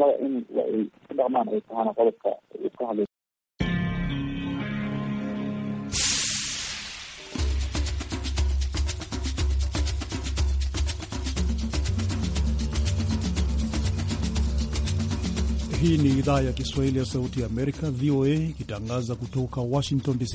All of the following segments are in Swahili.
dhalinyarada in ay ku dhaqmaan ay tahaan qodobka ka hadlay e Hii ni idhaa ya Kiswahili ya Sauti ya Amerika, VOA, ikitangaza kutoka Washington DC.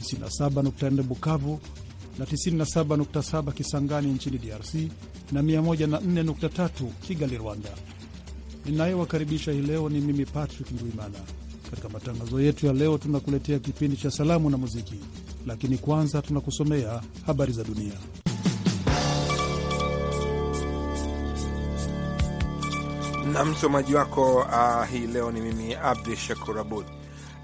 97.4 Bukavu na 97.7 Kisangani nchini DRC na 104.3 Kigali, Rwanda. Ninayewakaribisha hii leo ni mimi Patrick Ndwimana. Katika matangazo yetu ya leo, tunakuletea kipindi cha salamu na muziki, lakini kwanza tunakusomea habari za dunia. Na msomaji wako uh, hii leo ni mimi Abdi Shakur Abud.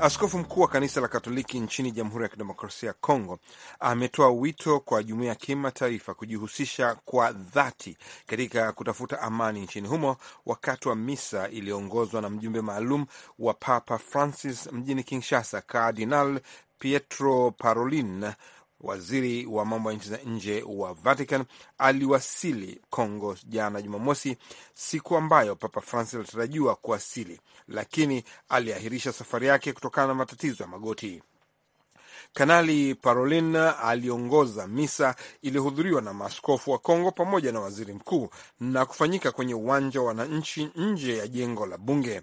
Askofu mkuu wa kanisa la Katoliki nchini Jamhuri ya Kidemokrasia ya Kongo ametoa wito kwa jumuiya ya kimataifa kujihusisha kwa dhati katika kutafuta amani nchini humo wakati wa misa iliyoongozwa na mjumbe maalum wa Papa Francis mjini Kinshasa, Kardinal Pietro Parolin Waziri wa mambo ya nchi za nje wa Vatican aliwasili congo jana Jumamosi, siku ambayo Papa Francis alitarajiwa kuwasili, lakini aliahirisha safari yake kutokana na matatizo ya magoti. Kanali Parolin aliongoza misa iliyohudhuriwa na maaskofu wa Kongo pamoja na waziri mkuu na kufanyika kwenye uwanja wa wananchi nje ya jengo la bunge.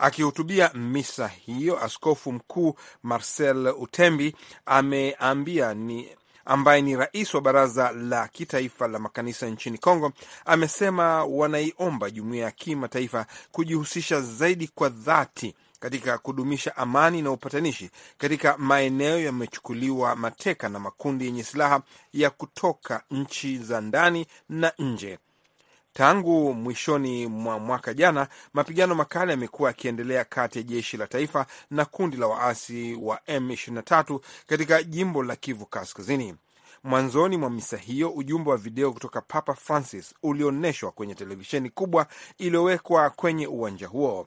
Akihutubia misa hiyo, askofu mkuu Marcel Utembi ameambia ni ambaye ni rais wa baraza la kitaifa la makanisa nchini Kongo amesema wanaiomba jumuiya ya kimataifa kujihusisha zaidi kwa dhati katika kudumisha amani na upatanishi katika maeneo yamechukuliwa mateka na makundi yenye silaha ya kutoka nchi za ndani na nje. Tangu mwishoni mwa mwaka jana, mapigano makali yamekuwa yakiendelea kati ya jeshi la taifa na kundi la waasi wa M23 katika jimbo la Kivu Kaskazini. Mwanzoni mwa misa hiyo, ujumbe wa video kutoka Papa Francis ulioneshwa kwenye televisheni kubwa iliyowekwa kwenye uwanja huo.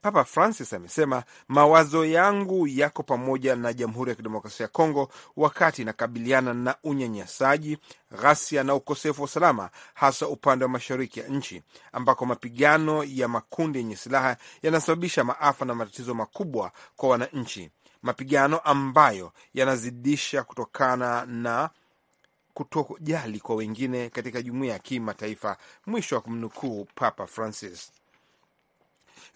Papa Francis amesema mawazo yangu yako pamoja na Jamhuri ya Kidemokrasia ya Kongo wakati inakabiliana na unyanyasaji, ghasia na ukosefu wa usalama, hasa upande wa mashariki ya nchi ambako mapigano ya makundi yenye silaha yanasababisha maafa na matatizo makubwa kwa wananchi, mapigano ambayo yanazidisha kutokana na kutojali kwa wengine katika jumuiya ya kimataifa. Mwisho wa kumnukuu Papa Francis.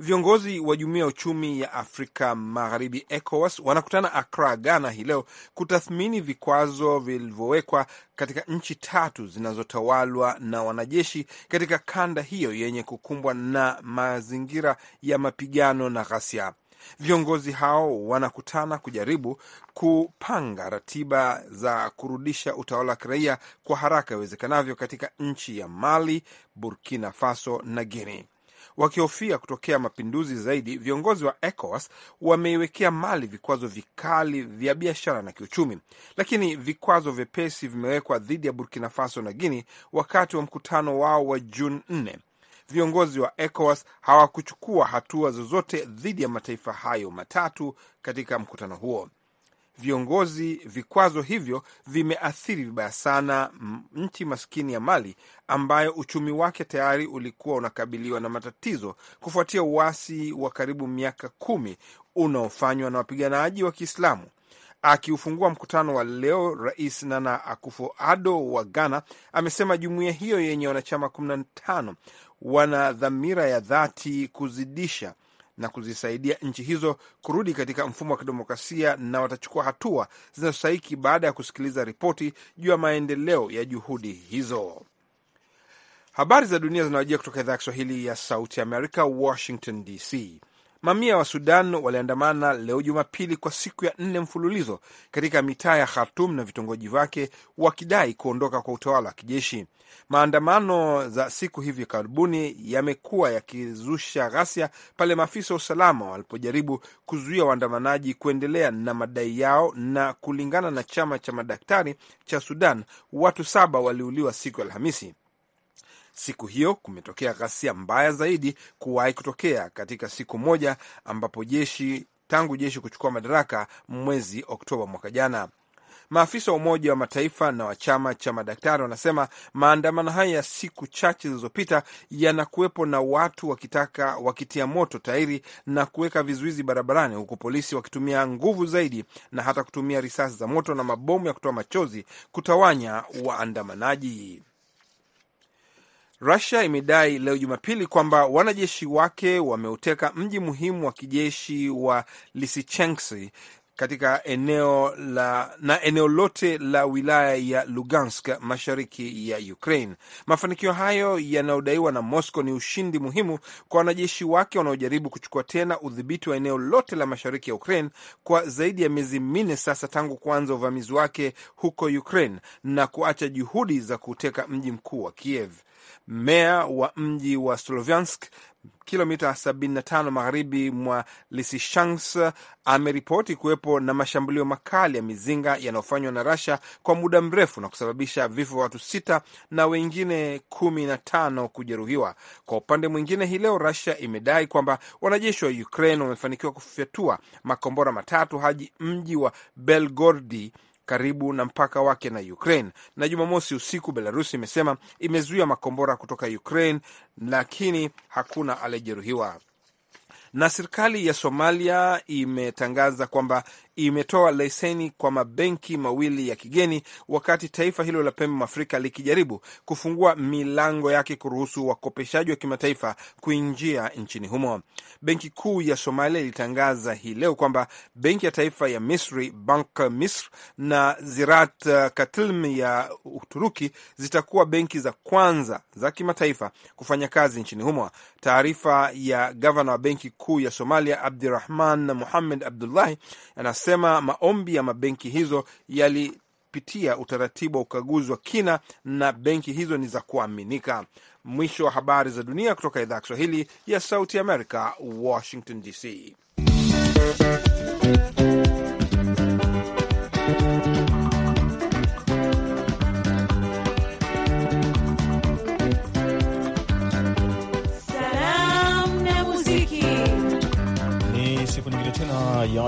Viongozi wa jumuiya ya uchumi ya Afrika Magharibi, ECOWAS, wanakutana Akra, Ghana hii leo kutathmini vikwazo vilivyowekwa katika nchi tatu zinazotawalwa na wanajeshi katika kanda hiyo yenye kukumbwa na mazingira ya mapigano na ghasia. Viongozi hao wanakutana kujaribu kupanga ratiba za kurudisha utawala wa kiraia kwa haraka iwezekanavyo katika nchi ya Mali, Burkina Faso na Guinea wakihofia kutokea mapinduzi zaidi. Viongozi wa ECOWAS wameiwekea Mali vikwazo vikali vya biashara na kiuchumi, lakini vikwazo vyepesi vimewekwa dhidi ya Burkina Faso na Guini wakati wa mkutano wao wa Juni 4. Viongozi wa ECOWAS hawakuchukua hatua zozote dhidi ya mataifa hayo matatu katika mkutano huo viongozi, vikwazo hivyo vimeathiri vibaya sana nchi maskini ya Mali ambayo uchumi wake tayari ulikuwa unakabiliwa na matatizo kufuatia uasi wa karibu miaka kumi unaofanywa na wapiganaji wa Kiislamu. Akiufungua mkutano wa leo, Rais Nana Akufo-Addo wa Ghana amesema jumuiya hiyo yenye wanachama 15 wana dhamira ya dhati kuzidisha na kuzisaidia nchi hizo kurudi katika mfumo wa kidemokrasia na watachukua hatua zinazostahiki baada ya kusikiliza ripoti juu ya maendeleo ya juhudi hizo. Habari za dunia zinawajia kutoka idhaa ya Kiswahili ya Sauti Amerika, Washington DC. Mamia wa Sudan waliandamana leo Jumapili kwa siku ya nne mfululizo katika mitaa ya Khartum na vitongoji vyake wakidai kuondoka kwa utawala wa kijeshi. Maandamano za siku hivi karibuni yamekuwa yakizusha ghasia pale maafisa wa usalama walipojaribu kuzuia waandamanaji kuendelea na madai yao. Na kulingana na chama cha madaktari cha Sudan, watu saba waliuliwa siku ya Alhamisi. Siku hiyo kumetokea ghasia mbaya zaidi kuwahi kutokea katika siku moja ambapo jeshi tangu jeshi kuchukua madaraka mwezi Oktoba mwaka jana. Maafisa wa Umoja wa Mataifa na wa chama cha madaktari wanasema maandamano haya ya siku chache zilizopita yanakuwepo na watu wakitaka wakitia moto tairi na kuweka vizuizi barabarani, huku polisi wakitumia nguvu zaidi na hata kutumia risasi za moto na mabomu ya kutoa machozi kutawanya waandamanaji. Rusia imedai leo Jumapili kwamba wanajeshi wake wameuteka mji muhimu wa kijeshi wa Lysychansk katika eneo la, na eneo lote la wilaya ya Lugansk mashariki ya Ukraine. Mafanikio hayo yanayodaiwa na Moscow ni ushindi muhimu kwa wanajeshi wake wanaojaribu kuchukua tena udhibiti wa eneo lote la mashariki ya Ukraine kwa zaidi ya miezi minne sasa tangu kuanza uvamizi wake huko Ukraine na kuacha juhudi za kuteka mji mkuu wa Kiev meya wa mji wa Slovyansk, kilomita 75 magharibi mwa lisishans ameripoti kuwepo na mashambulio makali ya mizinga yanayofanywa na Rasha kwa muda mrefu na kusababisha vifo vya watu sita na wengine kumi na tano kujeruhiwa. Kwa upande mwingine, hii leo rasia imedai kwamba wanajeshi wa Ukraine wamefanikiwa kufyatua makombora matatu hadi mji wa Belgorodi karibu na mpaka wake na Ukraine. Na Jumamosi usiku Belarusi imesema imezuia makombora kutoka Ukraine, lakini hakuna aliyejeruhiwa na serikali ya Somalia imetangaza kwamba imetoa leseni kwa mabenki mawili ya kigeni, wakati taifa hilo la pembe mwa Afrika likijaribu kufungua milango yake kuruhusu wakopeshaji wa kimataifa kuingia nchini humo. Benki kuu ya Somalia ilitangaza hii leo kwamba benki ya taifa ya Misri, Bank Misr, na Zirat Katilm ya Uturuki zitakuwa benki za kwanza za kimataifa kufanya kazi nchini humo. Taarifa ya gavana wa benki kuu ya Somalia Abdirahman Muhamed Abdullahi Anasema maombi ya mabenki hizo yalipitia utaratibu wa ukaguzi wa kina na benki hizo ni za kuaminika. Mwisho wa habari za dunia kutoka idhaa ya Kiswahili ya Sauti Amerika, Washington DC.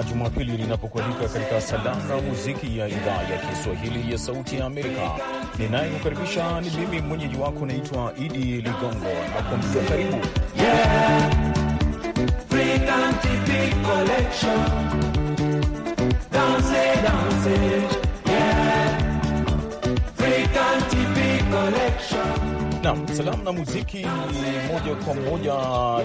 Jumapili linapokualika katika salamu na muziki ya idhaa ya Kiswahili ya Sauti ya Amerika. Ninayekukaribisha ni mimi mwenyeji wako, naitwa Idi Ligongo na karibu yeah. Nam salamu na muziki moja kwa moja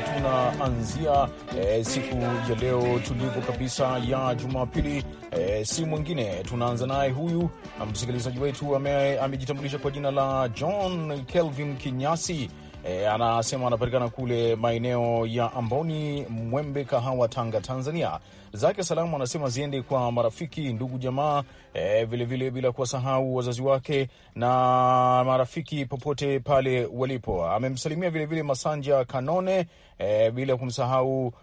tunaanzia e, siku ya leo tulivu kabisa ya Jumapili. E, si mwingine tunaanza naye huyu msikilizaji wetu amejitambulisha kwa jina la John Kelvin Kinyasi E, anasema anapatikana kule maeneo ya Amboni, Mwembe, Kahawa, Tanga, Tanzania. Zake salamu anasema ziende kwa marafiki, ndugu, jamaa e, vilevile bila kuwasahau wazazi wake na marafiki popote pale walipo. Amemsalimia vilevile Masanja Kanone e, bila kumsahau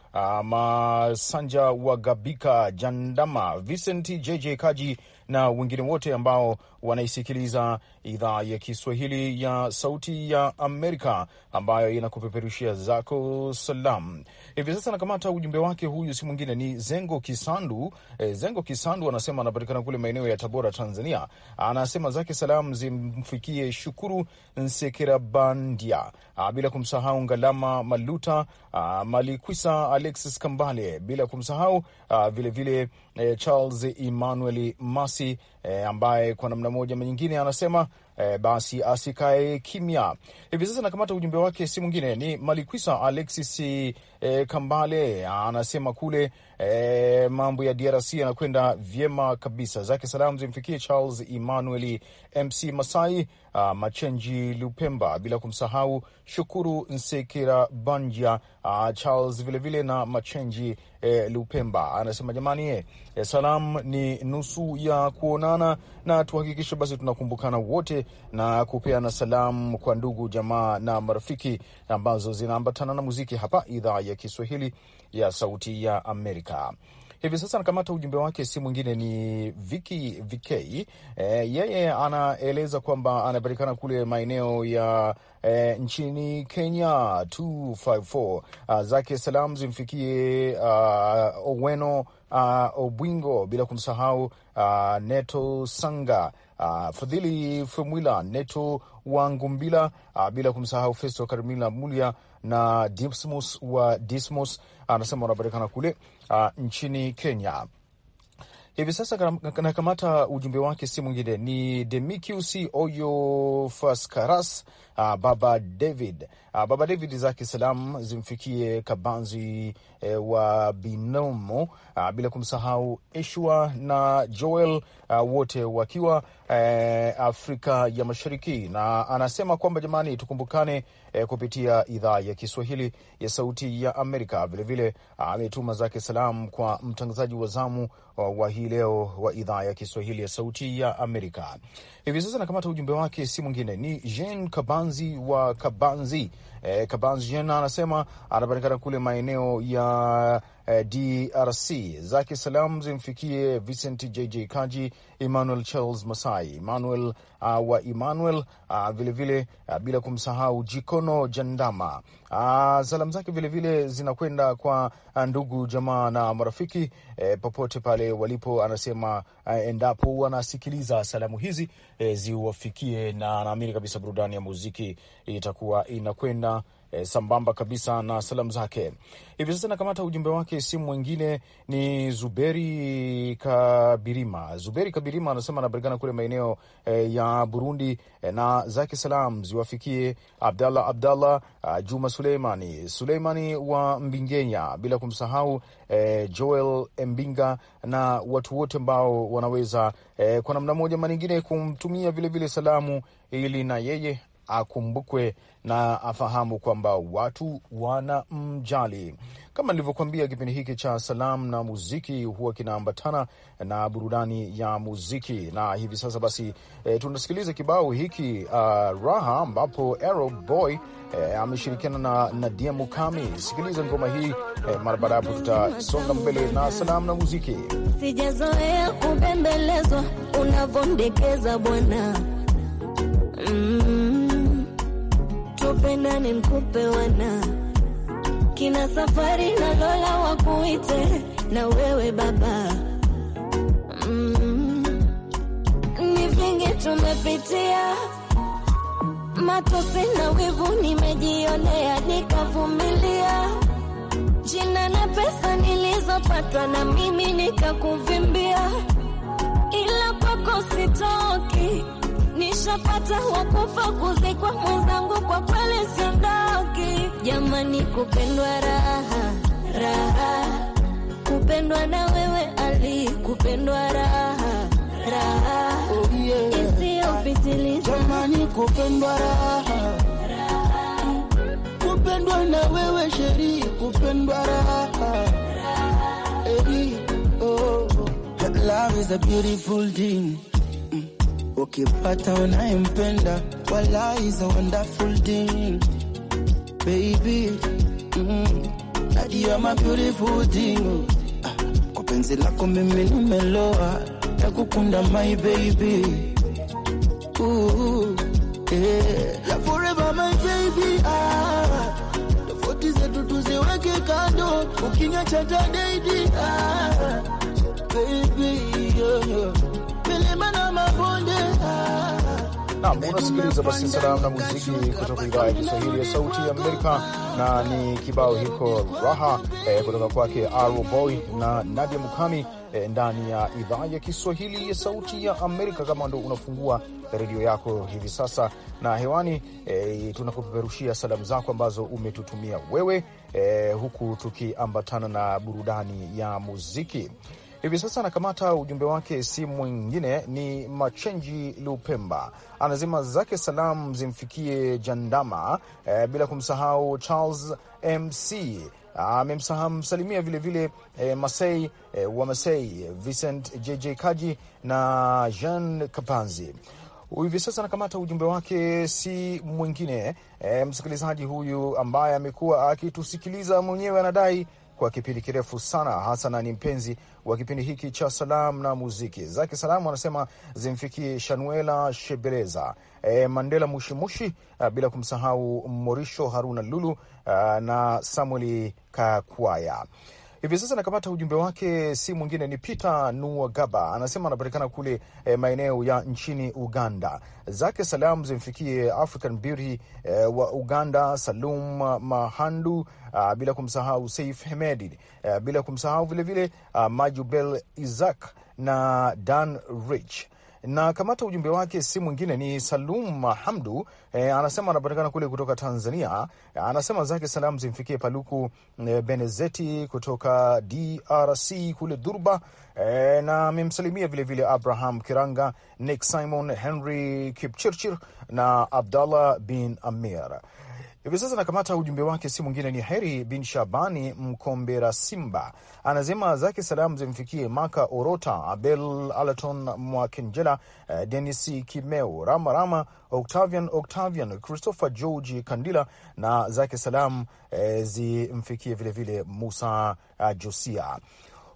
Masanja wa Gabika, Jandama, Vincent JJ Kaji na wengine wote ambao wanaisikiliza idhaa ya Kiswahili ya Sauti ya Amerika ambayo inakupeperushia zako salam. Hivi sasa nakamata ujumbe wake, huyu si mwingine ni Zengo Kisandu. E, Zengo Kisandu anasema anapatikana kule maeneo ya Tabora, Tanzania. Anasema zake salam zimfikie Shukuru Nsekerabandia, ah, bila kumsahau Ngalama Maluta, a, ah, Malikwisa Alexis Kambale, bila kumsahau vilevile ah, vile, e, Charles Emmanuel Masi e, ambaye kwa namna moja nyingine anasema e, basi asikae kimya. Hivi sasa nakamata ujumbe wake, si mwingine ni Malikwisa Alexis e, Kambale anasema kule e, mambo ya DRC yanakwenda vyema kabisa, zake salamu zimfikie Charles Emmanuel MC Masai uh, Machenji Lupemba, bila kumsahau Shukuru Nsekera Banja, uh, Charles vilevile vile na Machenji eh, Lupemba. Anasema jamani, eh, eh salam ni nusu ya kuonana, na tuhakikishe basi tunakumbukana wote na kupeana salamu kwa ndugu jamaa na marafiki ambazo zinaambatana na muziki hapa idhaa ya Kiswahili ya Sauti ya Amerika hivi sasa anakamata ujumbe wake, si mwingine ni Viki Vikei. E, eh, yeye anaeleza kwamba anapatikana kule maeneo ya e, nchini Kenya 254 ah, zake salam zimfikie uh, Oweno uh, Obwingo, bila kumsahau uh, Neto Sanga, uh, Fadhili Fumwila, Neto Wangumbila, uh, bila kumsahau Festo Karimila Mulia na Dismus wa Dismus uh, anasema uh, wanapatikana kule uh, nchini Kenya hivi sasa. Nakamata ujumbe wake, si mwingine ni Demikius Faskaras. uh, baba David uh, baba David zake salam zimfikie Kabanzi e, wa Binomo a, ah, bila kumsahau Eshua na Joel a, ah, wote wakiwa e, Afrika ya Mashariki, na anasema kwamba jamani, tukumbukane e, kupitia idhaa ya Kiswahili ya Sauti ya Amerika. Vilevile ah, ametuma zake salam kwa mtangazaji wa zamu wa hii leo wa idhaa ya Kiswahili ya Sauti ya Amerika. Hivi sasa nakamata ujumbe wake, si mwingine ni Jean Kabanzi wa Kabanzi eh, Kabanzi Jena anasema anapatikana kule maeneo ya Eh, DRC. Zake salam zimfikie Vincent JJ Kaji, Emmanuel Charles Masai, Emmanuel uh, wa Emmanuel vilevile uh, ah, vile, uh, bila kumsahau Jikono Jandama. Uh, salamu zake vilevile zinakwenda kwa ndugu jamaa na marafiki eh, popote pale walipo. Anasema eh, endapo wanasikiliza salamu hizi eh, ziwafikie, na naamini kabisa burudani ya muziki itakuwa inakwenda e, sambamba kabisa na salamu zake. Hivi sasa nakamata ujumbe wake, simu mwingine ni Zuberi Kabirima. Zuberi Kabirima anasema anapatikana kule maeneo e, ya Burundi e, na zake salam ziwafikie Abdallah Abdallah ah, Juma Suleimani Suleimani wa Mbingenya, bila kumsahau e, Joel Mbinga na watu wote ambao wanaweza e, kwa namna moja ama nyingine kumtumia vilevile salamu ili na yeye akumbukwe na afahamu kwamba watu wana mjali Kama nilivyokuambia, kipindi hiki cha salamu na muziki huwa kinaambatana na burudani ya muziki, na hivi sasa basi e, tunasikiliza kibao hiki uh, Raha, ambapo Arrow Boy e, ameshirikiana na Nadia Mukami. Sikiliza ngoma hii e, mara baada yapo tutasonga mbele na salamu na muziki. Sijazoea kupembelezwa unavyondekeza bwana ni mkupe wana kina safari na Lola wakuite na wewe baba mm. Ni vingi tumepitia, matosi na wivu nimejionea, nikavumilia. Jina na pesa nilizopatwa na mimi nikakuvimbia, ila kwako sitoki nishapata wakufa kuzikwa mwenzangu, kwa kweli sindoki jamani, kupendwa raha raha, kupendwa na wewe Ali, kupendwa raha raha oh, isiyopitiliza jamani, kupendwa raha kupendwa na wewe sheri, kupendwa raha oh. Love is a beautiful thing ukipata unayempenda, wala is a wonderful thing baby, mm, beautiful thing. Ah, kwa penzi lako mimi nimeloa, kukunda my baby, ooh, yeah. La forever my baby, ah, tofauti zetu tuziweke kando, ukiniacha tadaidi, ah, baby, yeah, yeah. Milima na mabonde Nam unasikiliza basi salamu na muziki kutoka idhaa ya Kiswahili ya Sauti ya Amerika, na ni kibao hiko raha eh, kutoka kwake Arrow Boy na Nadia Mukami eh, ndani ya idhaa ya Kiswahili ya Sauti ya Amerika. Kama ndo unafungua redio yako hivi sasa na hewani eh, tunakupeperushia salamu zako ambazo umetutumia wewe eh, huku tukiambatana na burudani ya muziki. Hivi sasa anakamata ujumbe wake, si mwingine ni Machenji Lupemba, anazima zake salam zimfikie Jandama eh, bila kumsahau Charles Mc amemsalimia vilevile eh, Masei eh, wa Masei Vincent JJ Kaji na Jean Kapanzi. Hivi sasa anakamata ujumbe wake, si mwingine eh, msikilizaji huyu ambaye amekuwa akitusikiliza mwenyewe, anadai kwa kipindi kirefu sana. hasa na ni mpenzi wa kipindi hiki cha salamu na muziki. Zake salamu anasema zimfikie Shanuela Shebeleza, e, Mandela Mushimushi, e, bila kumsahau Morisho Haruna Lulu a, e, na Samueli Kakwaya. Hivi sasa nakapata ujumbe wake, si mwingine ni Peter nuagaba anasema anapatikana kule e, maeneo ya nchini Uganda. Zake salamu zimfikie African Beauty e, wa Uganda, Salum Mahandu a, ah, bila kumsahau Saif Hemedi eh, bila kumsahau vilevile ah, Majubel Isaac na Dan Rich na kamata ujumbe wake si mwingine ni Salum Hamdu. E, anasema anapatikana kule kutoka Tanzania. E, anasema zake salamu zimfikie Paluku e, Benezeti kutoka DRC kule Durba. E, na amemsalimia vilevile Abraham Kiranga, Nick Simon, Henry Kipchirchir na Abdallah bin Amir. Hivi sasa nakamata ujumbe wake, si mwingine ni Heri bin Shabani Mkombera Simba, anasema zake salamu zimfikie Maka Orota, Abel Alaton Mwakenjela, eh, Denis Kimeu, Rama Rama, Octavian Octavian, Christopher George Kandila, na zake salamu eh, zimfikie vilevile Musa eh, Josia.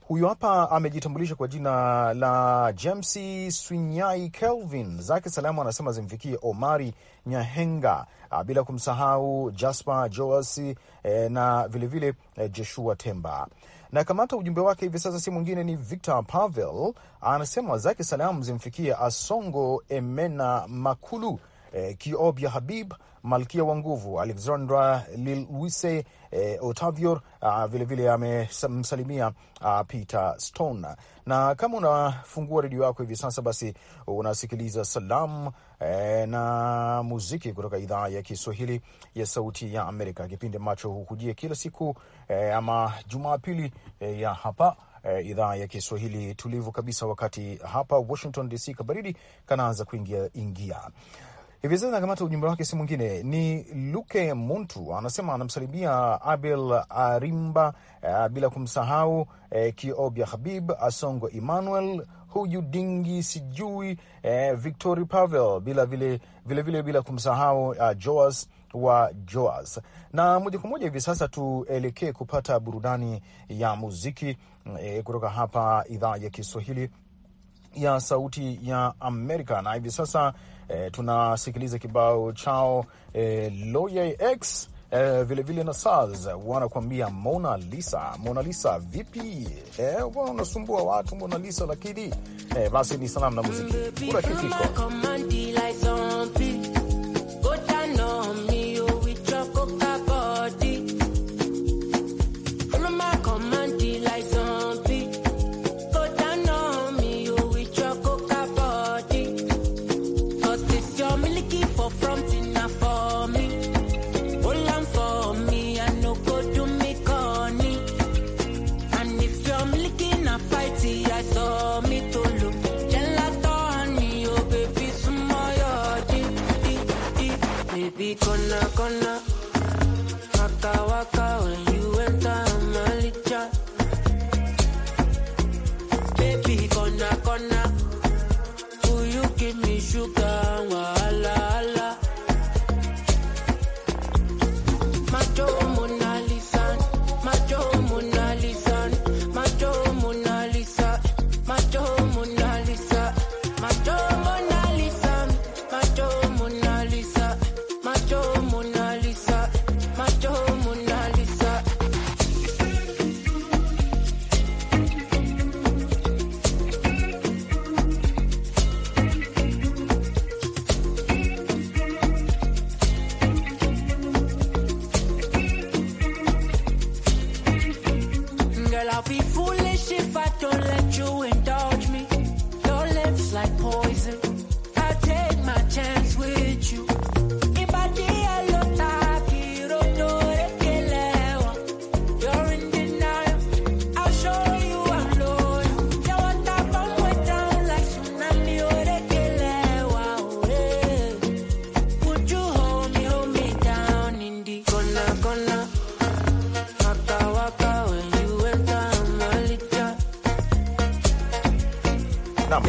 Huyu hapa amejitambulisha kwa jina la James Swinyai Kelvin, zake salamu anasema zimfikie Omari Nyahenga, ah, bila kumsahau Jasper Joas eh, na vilevile vile eh, Joshua Temba na kamata ujumbe wake hivi sasa, si mwingine ni Victor Pavel, anasema zake salamu zimfikie Asongo Emena Makulu, eh, Kiobya Habib malkia wa nguvu Alexandra Lilwise eh, Otavior vilevile ah, amemsalimia ah, Peter Stone. Na kama unafungua redio yako hivi sasa, basi unasikiliza salamu eh, na muziki kutoka idhaa ya Kiswahili ya Sauti ya Amerika, kipindi ambacho hukujia kila siku eh, ama Jumapili eh, ya hapa E, idhaa ya Kiswahili tulivu kabisa, wakati hapa Washington DC kabaridi kanaanza kuingia ingia. Hivi sasa nakamata ujumbe wake, si mwingine ni Luke Muntu, anasema anamsalimia Abel Arimba, uh, bila kumsahau uh, Kiobya Habib Asongo, Emmanuel Huyu Dingi, sijui uh, eh, Victori Pavel, bila vile vile vile bila kumsahau uh, Joas wa Joas. Na moja kwa moja hivi sasa tuelekee kupata burudani ya muziki uh, kutoka hapa idhaa ya Kiswahili ya Sauti ya Amerika, na hivi sasa E, tunasikiliza kibao chao e, Loye X eh, e, vilevile na Saz wanakuambia Mona Lisa. Mona Lisa vipi? E, wana unasumbua watu Mona Lisa, lakini e, basi ni salamu na muziki urafiki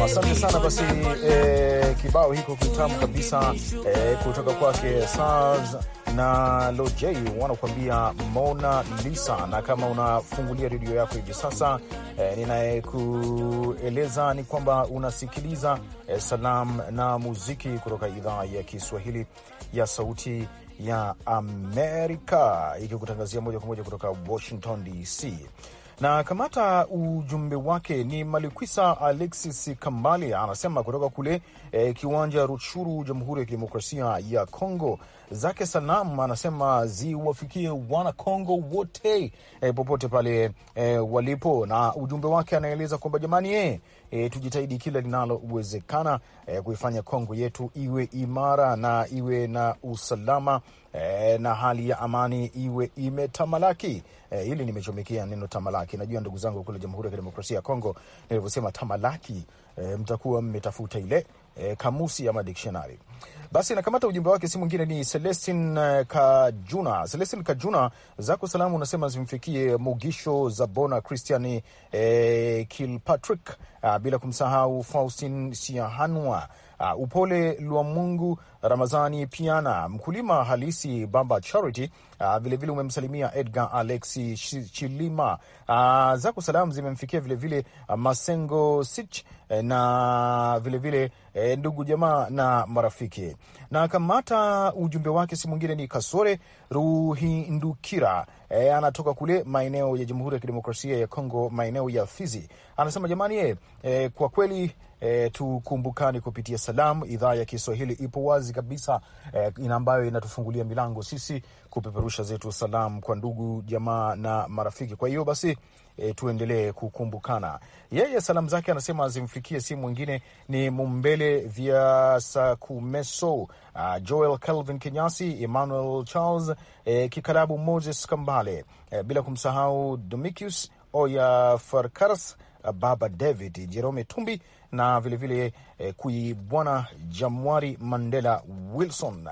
asante sana basi. Eh, kibao hiko kitamu kabisa eh, kutoka kwake Sars na Loj wanakuambia Mona Lisa. Na kama unafungulia redio yako hivi sasa eh, ninayekueleza ni kwamba unasikiliza eh, Salam na Muziki kutoka idhaa ya Kiswahili ya Sauti ya Amerika ikikutangazia moja kwa moja kutoka Washington DC na kamata ujumbe wake ni Malikwisa Alexis Kambale anasema kutoka kule eh, kiwanja Rutshuru, Jamhuri ya Kidemokrasia ya Kongo zake salamu anasema ziwafikie wanakongo wote e, popote pale e, walipo. Na ujumbe wake anaeleza kwamba jamani, e, e, tujitahidi kila linalowezekana e, kuifanya Kongo yetu iwe imara na iwe na usalama e, na hali ya amani iwe imetamalaki. E, hili nimechomekea neno tamalaki. Najua ndugu zangu kule Jamhuri ya Kidemokrasia ya Kongo nilivyosema tamalaki, e, mtakuwa mmetafuta ile e, kamusi ama dictionary. Basi nakamata ujumbe wake, si mwingine ni Celestin eh, Kajuna. Celestin Kajuna, zako salamu unasema zimfikie Mugisho Zabona, Christian eh, Kilpatrick, ah, bila kumsahau Faustin Siahanwa, ah, Upole Lwa Mungu, Ramazani Piana, mkulima halisi Bamba Charity. Uh, ah, vilevile umemsalimia Edgar Alexi Chilima. Ah, zako salamu zimemfikia vilevile uh, Masengo Sich eh, na vilevile e, ndugu jamaa na marafiki. Na kamata ujumbe wake si mwingine ni Kasore Ruhindukira e, anatoka kule maeneo ya Jamhuri ya Kidemokrasia ya Kongo, maeneo ya Fizi, anasema jamani, e, e kwa kweli e, tukumbukane kupitia salamu. Idhaa ya Kiswahili ipo wazi kabisa e, ambayo inatufungulia milango sisi kupeperusha zetu salamu kwa ndugu jamaa na marafiki. Kwa hiyo basi e, tuendelee kukumbukana. Yeye salamu zake anasema zimfikie si mwingine ni Mumbele vya Sakumeso, uh, Joel Calvin Kenyasi, Emmanuel Charles, e, Kikarabu Moses Kambale, e, bila kumsahau Domicius Oya Farkaras, uh, Baba David Jerome Tumbi na vilevile eh, kui bwana Jamwari Mandela Wilson.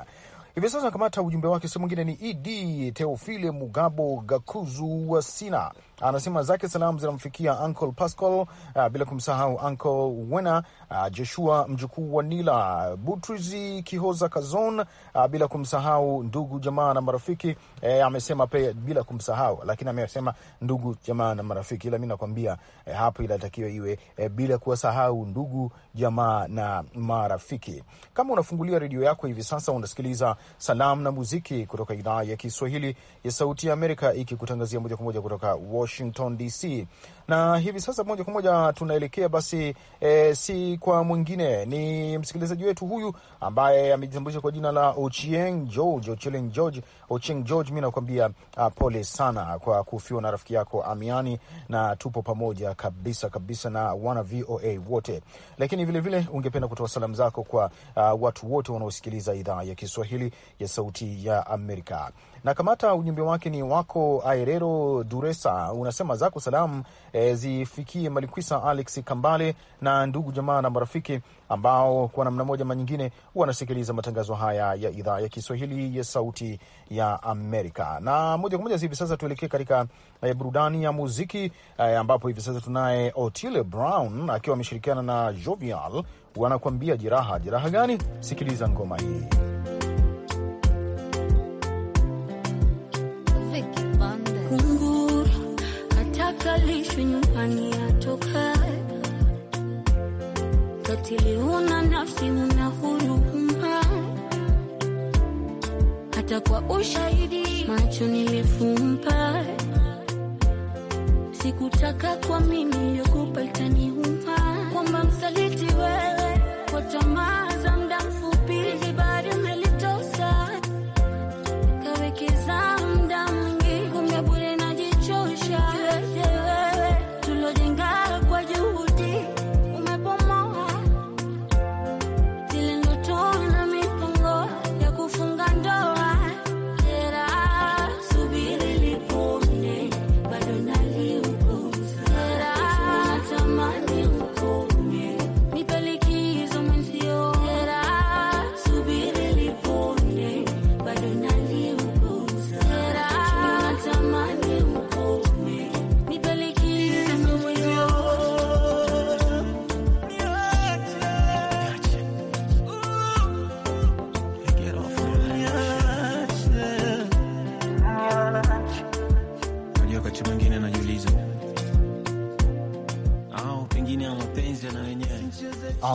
Hivi sasa anakamata ujumbe wake, sehemu mwingine ni Idi Teofile Mugabo Gakuzu Wasina anasema zake salamu zinamfikia Uncle Pascal, uh, bila kumsahau Uncle Wena, uh, Joshua mjukuu wa Nila, Butrizi Kihoza Kazon, uh, bila kumsahau ndugu jamaa na marafiki eh, amesema pe, bila kumsahau lakini amesema ndugu jamaa na marafiki, ila mi nakwambia eh, hapo inatakiwa iwe eh, bila kuwasahau ndugu jamaa na marafiki. Kama unafungulia redio yako hivi sasa unasikiliza salamu na muziki kutoka idhaa ya Kiswahili ya Sauti ya Amerika ikikutangazia moja kwa moja kutoka Washington. Washington DC. Na hivi sasa moja kwa moja tunaelekea basi, e, si kwa mwingine ni msikilizaji wetu huyu ambaye amejitambulisha kwa jina la Ochieng George, Ochieng George, Ochieng George. mi nakuambia ah, pole sana kwa kufiwa na rafiki yako Amiani, na tupo pamoja kabisa kabisa na wana VOA wote, lakini vilevile vile, ungependa kutoa salamu zako kwa uh, watu wote wanaosikiliza idhaa ya Kiswahili ya Sauti ya Amerika na kamata ujumbe wake ni wako Aerero Duresa, unasema zako salamu e, zifikie Malikwisa Alex Kambale na ndugu jamaa na marafiki ambao kwa namna moja ama nyingine wanasikiliza matangazo haya ya idhaa ya Kiswahili ya Sauti ya Amerika. Na moja kwa moja hivi sasa tuelekee katika e, burudani ya muziki e, ambapo hivi sasa tunaye Otile Brown akiwa ameshirikiana na Jovial wanakuambia jeraha. Jeraha gani? Sikiliza ngoma hii. tu nyumbani atoka katili, huna nafsi, una huruma, hata kwa ushahidi macho nilifumba. Sikutaka kwa mimi yokupa itaniuma, kwamba msaliti wewe kwa tamaa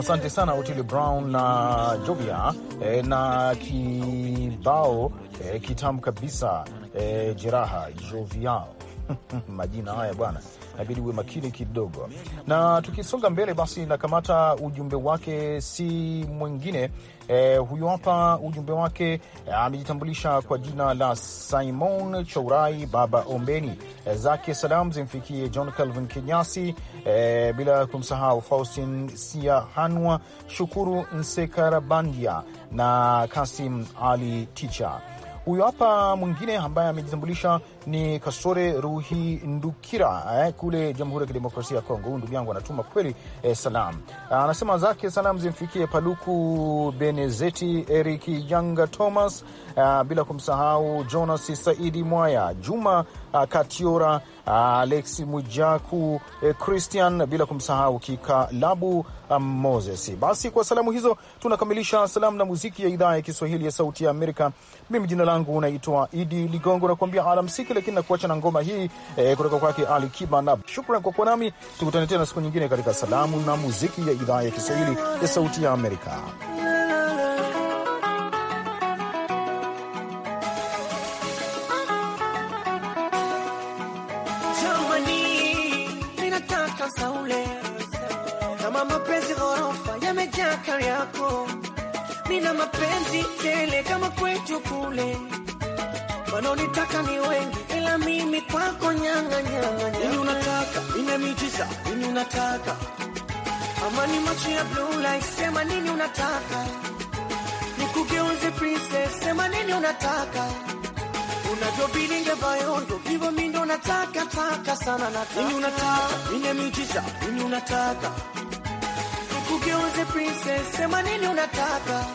Asante sana Otile Brown na Jovia e, eh, na kibao e, kitamu kabisa e, jeraha Jovial majina haya bwana inabidi uwe makini kidogo. Na tukisonga mbele, basi nakamata ujumbe wake, si mwingine eh, huyu hapa ujumbe wake eh, amejitambulisha kwa jina la Simon Chourai Baba Ombeni, eh, zake salam zimfikie John Calvin Kenyasi, eh, bila kumsahau Faustin Hanwa, Shukuru Nsekarabandia na Kasim Ali Ticha. Huyu hapa mwingine ambaye amejitambulisha ni Kasore Ruhindukira eh, kule Jamhuri ya Kidemokrasia ya Kongo. Huyu ndugu yangu anatuma kweli eh, salam. Ah, anasema zake salam zimfikie Paluku Benezeti, Eric yanga Thomas eh, bila kumsahau Jonas Saidi Mwaya, Juma eh, Katiora Alex Mujaku, eh, Christian, bila kumsahau Kikalabu Moses. Basi kwa salamu hizo tunakamilisha salamu na muziki ya idhaa ya Kiswahili ya Sauti ya Amerika. Mimi jina langu unaitwa Idi Ligongo, nakuambia alamsiki muziki, lakini nakuacha na ngoma hii eh, kutoka kwake Ali Kiba. Na shukran kwa kuwa nami, tukutane tena siku nyingine katika salamu na muziki ya idhaa ya Kiswahili ya Sauti ya Amerika. Nina mapenzi tele kama kwetu kule wanaonitaka ni wengi, ila mimi kwako nyanga nyanga. Nini unataka? Nina miujiza. Nini unataka? Amani macho ya blue light, sema nini unataka? Nikugeuze princess, sema nini unataka? Unajobilinge bayondo, vivo mimi ndo nataka taka sana nataka. Nini unataka? Nina miujiza. Nini unataka? Nikugeuze princess, sema nini unataka?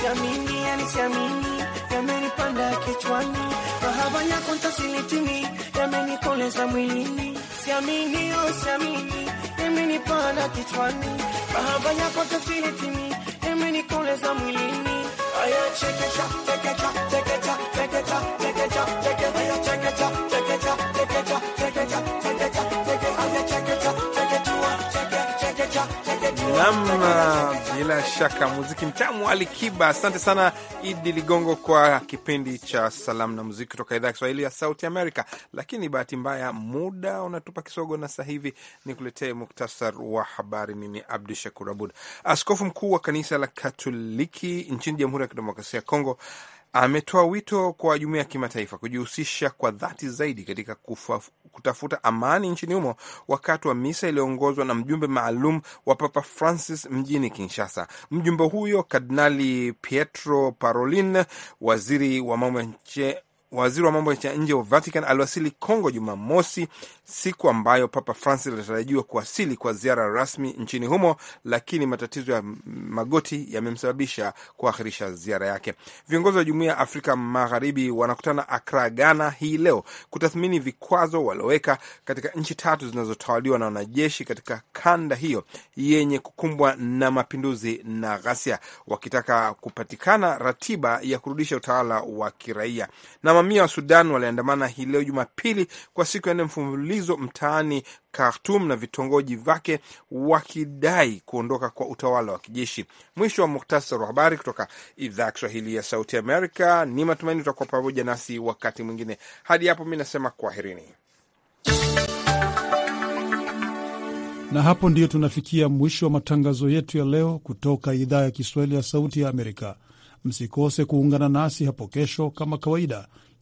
Siamini, yani siamini yamenipanda kichwani, mahaba yako ntasilitini, yamenikoleza mwilini, siamini o oh, siamini, yamenipanda kichwani, mahaba yako ntasilitini, yamenikoleza mwilini, aya chekecha chekecha chekecha chekecha chekecha Nam, bila shaka muziki mtamu Alikiba. Asante sana Idi Ligongo kwa kipindi cha salamu na muziki kutoka idhaa ya Kiswahili ya Sauti Amerika. Lakini bahati mbaya muda unatupa kisogo, na sasa hivi ni kuletee muktasar wa habari. Mimi Abdu Shakur Abud. Askofu mkuu wa kanisa la Katoliki nchini Jamhuri ya Kidemokrasia ya Kongo ametoa wito kwa jumuiya ya kimataifa kujihusisha kwa dhati zaidi katika kufa, kutafuta amani nchini humo wakati wa misa iliyoongozwa na mjumbe maalum wa Papa Francis mjini Kinshasa. Mjumbe huyo Kardinali Pietro Parolin, waziri wa mambo ya nje waziri wa mambo ya nje wa Vatican aliwasili Congo Jumamosi, siku ambayo Papa Francis alitarajiwa kuwasili kwa ziara rasmi nchini humo, lakini matatizo ya magoti yamemsababisha kuahirisha ziara yake. Viongozi wa Jumuiya ya Afrika Magharibi wanakutana Akra, Ghana hii leo kutathmini vikwazo walioweka katika nchi tatu zinazotawaliwa na wanajeshi katika kanda hiyo yenye kukumbwa na mapinduzi na ghasia, wakitaka kupatikana ratiba ya kurudisha utawala wa kiraia na Mamia wa Sudan waliandamana hii leo Jumapili kwa siku ya nne mfululizo mtaani Khartum na vitongoji vake wakidai kuondoka kwa utawala wa kijeshi. Mwisho wa muktasar wa habari kutoka idhaa ya Kiswahili ya Sauti Amerika. Ni matumaini utakuwa pamoja nasi wakati mwingine. Hadi hapo mi nasema kwaherini. Na hapo ndiyo tunafikia mwisho wa matangazo yetu ya leo kutoka idhaa ya Kiswahili ya Sauti ya Amerika. Msikose kuungana nasi hapo kesho kama kawaida